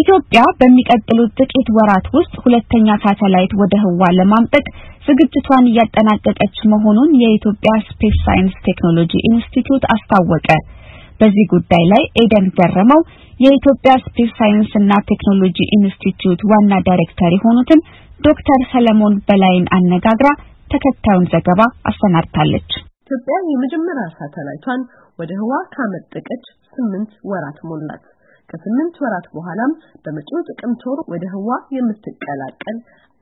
ኢትዮጵያ በሚቀጥሉት ጥቂት ወራት ውስጥ ሁለተኛ ሳተላይት ወደ ህዋ ለማምጠቅ ዝግጅቷን እያጠናቀቀች መሆኑን የኢትዮጵያ ስፔስ ሳይንስ ቴክኖሎጂ ኢንስቲትዩት አስታወቀ። በዚህ ጉዳይ ላይ ኤደን ገረመው የኢትዮጵያ ስፔስ ሳይንስና ቴክኖሎጂ ኢንስቲትዩት ዋና ዳይሬክተር የሆኑትን ዶክተር ሰለሞን በላይን አነጋግራ ተከታዩን ዘገባ አሰናድታለች። ኢትዮጵያ የመጀመሪያ ሳተላይቷን ወደ ህዋ ካመጠቀች ስምንት ወራት ሞላት። ከስምንት ወራት በኋላም በመጪው ጥቅምት ወር ወደ ህዋ የምትቀላቀል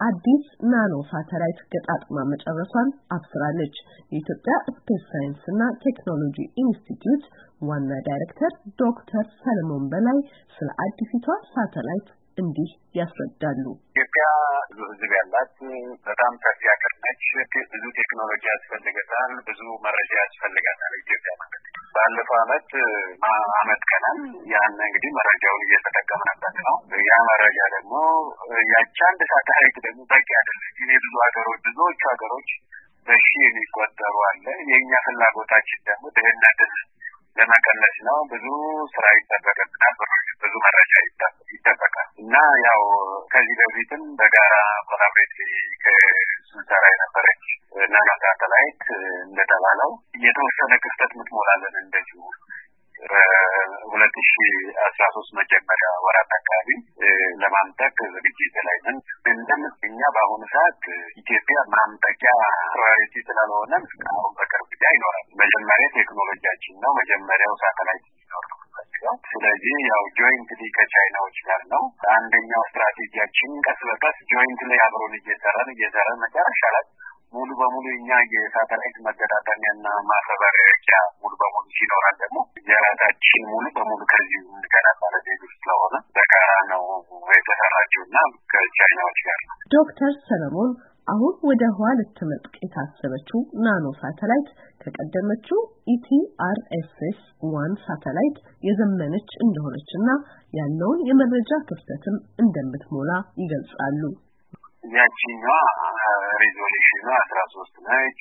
አዲስ ናኖ ሳተላይት ገጣጥማ መጨረሷን አብስራለች። የኢትዮጵያ ስፔስ ሳይንስና ቴክኖሎጂ ኢንስቲትዩት ዋና ዳይሬክተር ዶክተር ሰለሞን በላይ ስለ አዲሲቷ ሳተላይት እንዲህ ያስረዳሉ። ኢትዮጵያ ብዙ ህዝብ ያላት በጣም ሰፊ ሀገር ነች። ብዙ ቴክኖሎጂ ያስፈልገታል፣ ብዙ መረጃ ያስፈልጋታል ኢትዮጵያ ባለፈው አመት አመት አመትከናል። ያን እንግዲህ መረጃውን እየተጠቀምንበት ነው። ያ መረጃ ደግሞ ያቺ አንድ ሳተላይት ደግሞ በቂ አይደለም። ይሄ ብዙ ሀገሮች ብዙዎቹ ሀገሮች በሺ የሚቆጠሩ አለ። የእኛ ፍላጎታችን ደግሞ ድህነትን ለመቀነስ ነው። ብዙ ስራ ይጠበቅብናል። ብዙ መረጃ ይጠበቃል። እና ያው ከዚህ በፊትም በጋራ ኮላብሬት ስንሰራ የነበረች እና ሳተላይት እንደተባለው የተወሰነ ክፍተት ምትሞላለን እንደዚሁ ሁለት ሺ አስራ ሶስት መጀመሪያ ወራት አካባቢ ለማምጠቅ ዝግጅት ላይ ነን። እኛ በአሁኑ ሰዓት ኢትዮጵያ ማምጠቂያ ፕራዮሪቲ ስላልሆነ እስካሁን በቅርብ ጊዜ አይኖራል። መጀመሪያ ቴክኖሎጂያችን ነው። መጀመሪያው ሳተላይት ነው። ስለዚህ ያው ጆይንትሊ ከቻይናዎች ጋር ነው። አንደኛው ስትራቴጂያችን ቀስ በቀስ ጆይንት ላይ አብሮን እየሰራን እየሰራን መጨረሻ ላይ ሙሉ በሙሉ እኛ የሳተላይት መገጣጠሚያና ማፈበሪያ ሙሉ በሙሉ ሲኖራል ደግሞ የራሳችን ሙሉ በሙሉ ከዚህ እንገናባለ ዜግ ስለሆነ በጋራ ነው የተሰራችው እና ከቻይናዎች ጋር ነው። ዶክተር ሰለሞን አሁን ወደ ህዋ ልትመጥቅ የታሰበችው ናኖ ሳተላይት ከቀደመችው ኢቲአርኤስኤስ ዋን ሳተላይት የዘመነች እንደሆነች እና ያለውን የመረጃ ክፍተትም እንደምትሞላ ይገልጻሉ። ያቺኛ ሬዞሉሽኗ አስራ ሶስት ነች።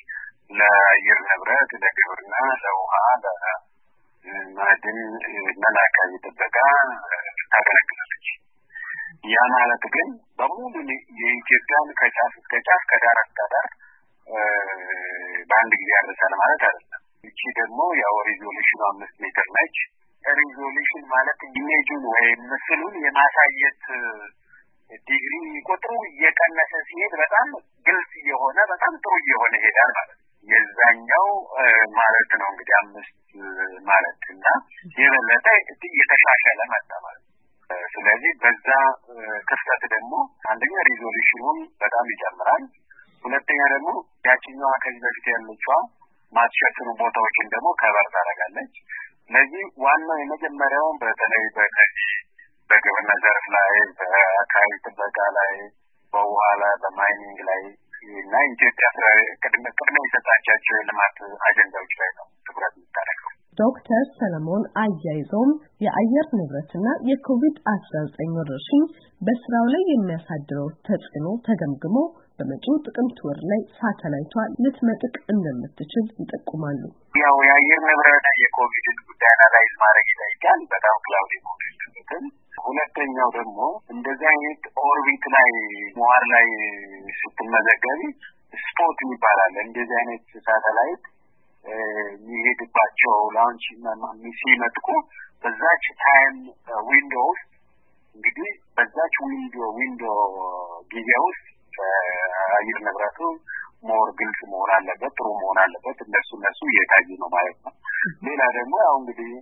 ለአየር ንብረት፣ ለግብርና፣ ለውሃ፣ ለማዕድን እና ለአካባቢ ጥበቃ ታገለግላለች። ያ ማለት ግን በሙሉ የኢትዮጵያን ከጫፍ እስከ ጫፍ ከዳር እስከ ዳር በአንድ ጊዜ ያደርሳል ማለት አይደለም። እቺ ደግሞ ያው ሪዞሉሽኑ አምስት ሜትር ነች። ሪዞሉሽን ማለት ኢሜጁን ወይም ምስሉን የማሳየት ዲግሪ ቁጥሩ እየቀነሰ ሲሄድ በጣም ግልጽ እየሆነ በጣም ጥሩ እየሆነ ይሄዳል ማለት ነው። የዛኛው ማለት ነው እንግዲህ አምስት ማለት እና የበለጠ የተሻሻለ መጣ ማለት ስለዚህ በዛ ክፍተት ደግሞ አንደኛ ሪዞሉሽኑን በጣም ይጨምራል። ሁለተኛ ደግሞ ያችኛዋ ከዚህ በፊት ያለችዋ ማትሸፍኑ ቦታዎችን ደግሞ ከበር ታደርጋለች። ስለዚህ ዋናው የመጀመሪያውን በተለይ በከዚህ በግብርና ዘርፍ ላይ፣ በአካባቢ ጥበቃ ላይ፣ በውሃ ላይ፣ በማይኒንግ ላይ እና ኢትዮጵያ ቅድመ ቅድመ የሰጣቻቸው የልማት አጀንዳዎች ላይ ነው ዶክተር ሰለሞን አያይዘውም የአየር ንብረትና የኮቪድ-19 ወረርሽኝ በስራው ላይ የሚያሳድረው ተጽዕኖ ተገምግሞ በመጪው ጥቅምት ወር ላይ ሳተላይቷ ልትመጥቅ እንደምትችል ይጠቁማሉ። ያው የአየር ንብረት የኮቪድን ጉዳይ አናላይዝ ማድረግ ይጠይቃል። በጣም ክላውድ መሆን ሁለተኛው ደግሞ እንደዚህ አይነት ኦርቢት ላይ መዋር ላይ ስትመዘገቢ ስፖት ይባላል። እንደዚህ አይነት ሳተላይት የሚሄድባቸው ላውንች ሲመጥቁ በዛች ታይም ዊንዶ ውስጥ እንግዲህ በዛች ዊንዶ ዊንዶ ጊዜ ውስጥ አየር ንብረቱ ሞር ግልጽ መሆን አለበት፣ ጥሩ መሆን አለበት። እነሱ እነሱ እየታዩ ነው ማለት ነው። ሌላ ደግሞ ያው እንግዲህ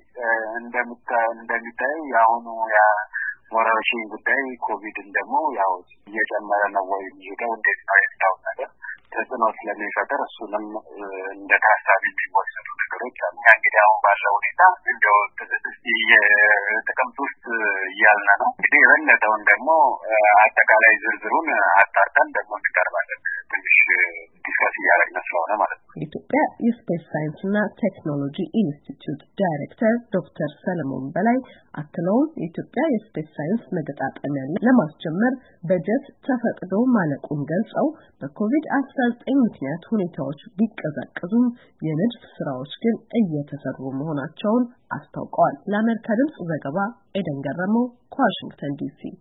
እንደሚታየው የአሁኑ የወረርሽኝ ጉዳይ ኮቪድን ደግሞ ያው እየጨመረ ነው ወይ የሚሄደው እንዴት ነው ተጽዕኖ ስለሚፈጥር እሱንም እንደ ታሳቢ የሚወሰዱ ነገሮች አሉ። እንግዲህ አሁን ባለ ሁኔታ እንደው የጥቅምት ውስጥ እያልን ነው። እንግዲህ የበለጠውን ደግሞ አጠቃላይ ዝርዝሩን አጣርተን ደግሞ እንቀርባለን ትንሽ ዲስከስ እያደረግን ስለሆነ ማለት ነው። ኢትዮጵያ የስፔስ ሳይንስና ቴክኖሎጂ ኢንስቲትዩት ዳይሬክተር ዶክተር ሰለሞን በላይ አክለውም የኢትዮጵያ የስፔስ ሳይንስ መገጣጠሚያ ለማስጀመር በጀት ተፈቅዶ ማለቁን ገልጸው በኮቪድ አስራ ዘጠኝ ምክንያት ሁኔታዎች ቢቀዛቀዙም የንድፍ ስራዎች ግን እየተሰሩ መሆናቸውን አስታውቀዋል። ለአሜሪካ ድምጽ ዘገባ ኤደን ገረመው ከዋሽንግተን ዲሲ